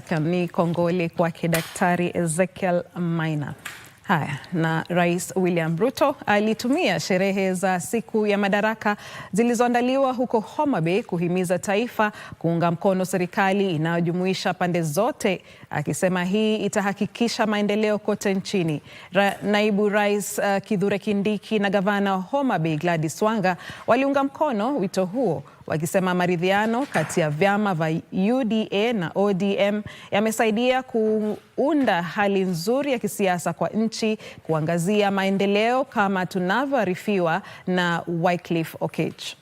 Kami Kongole kwake Daktari Ezekiel Maina. Haya, na Rais William Ruto alitumia sherehe za siku ya madaraka zilizoandaliwa huko Homa Bay kuhimiza taifa kuunga mkono serikali inayojumuisha pande zote, akisema hii itahakikisha maendeleo kote nchini. Ra, naibu Rais uh, Kithure Kindiki na gavana wa Homa Bay Gladys Wanga waliunga mkono wito huo wakisema maridhiano kati ya vyama vya UDA na ODM yamesaidia kuunda hali nzuri ya kisiasa kwa nchi, kuangazia maendeleo kama tunavyoarifiwa na Wycliffe Okech.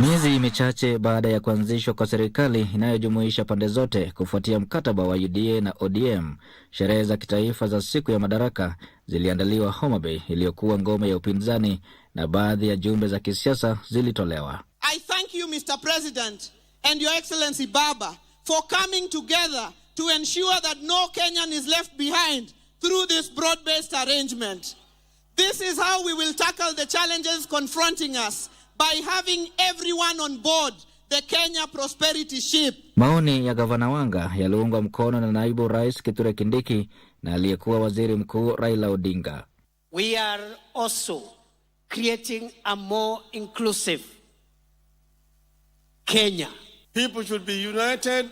Miezi michache baada ya kuanzishwa kwa serikali inayojumuisha pande zote kufuatia mkataba wa UDA na ODM, sherehe za kitaifa za siku ya madaraka ziliandaliwa Homa Bay iliyokuwa ngome ya upinzani na baadhi ya jumbe za kisiasa zilitolewa. I thank you Mr. President and your excellency Baba for coming together to ensure that no Kenyan is left behind through this broad-based arrangement. This is how we will tackle the challenges confronting us by having everyone on board the Kenya prosperity ship. Maoni ya Gavana Wanga yaliungwa mkono na Naibu Rais Kithure Kindiki na aliyekuwa Waziri Mkuu Raila Odinga. We are also creating a more inclusive Kenya. People should be united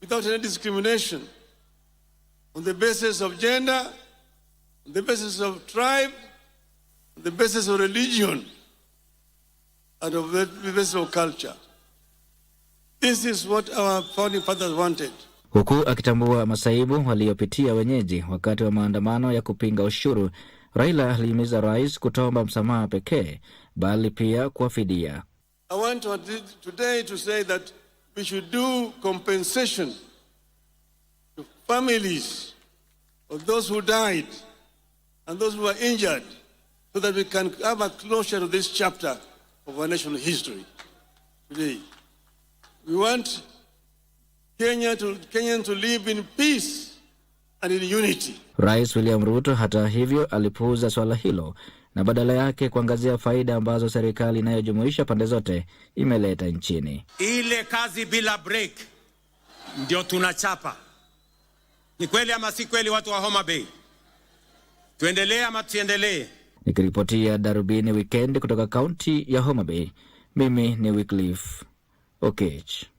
without any discrimination on the basis of gender, on the basis of tribe, on the basis of religion, and on the basis of culture. This is what our founding fathers wanted. Huku akitambua masaibu waliyopitia wenyeji wakati wa maandamano ya kupinga ushuru Raila alihimiza rais kutoomba msamaha pekee, bali pia kwa fidia. I want today to say that we should do compensation to families of those who died and those who were injured so that we can have a closure to this chapter of our national history today. We want Kenya to, Kenyan to live in peace and in unity. Rais William Ruto hata hivyo alipuuza swala hilo na badala yake kuangazia faida ambazo serikali inayojumuisha pande zote imeleta nchini. Ile kazi bila break ndio tunachapa. Ni kweli ama si kweli, watu wa Homa Bay? Tuendelee ama tusiendelee? Nikiripotia Darubini Wikendi kutoka kaunti ya Homa Bay, mimi ni Wycliffe Okech.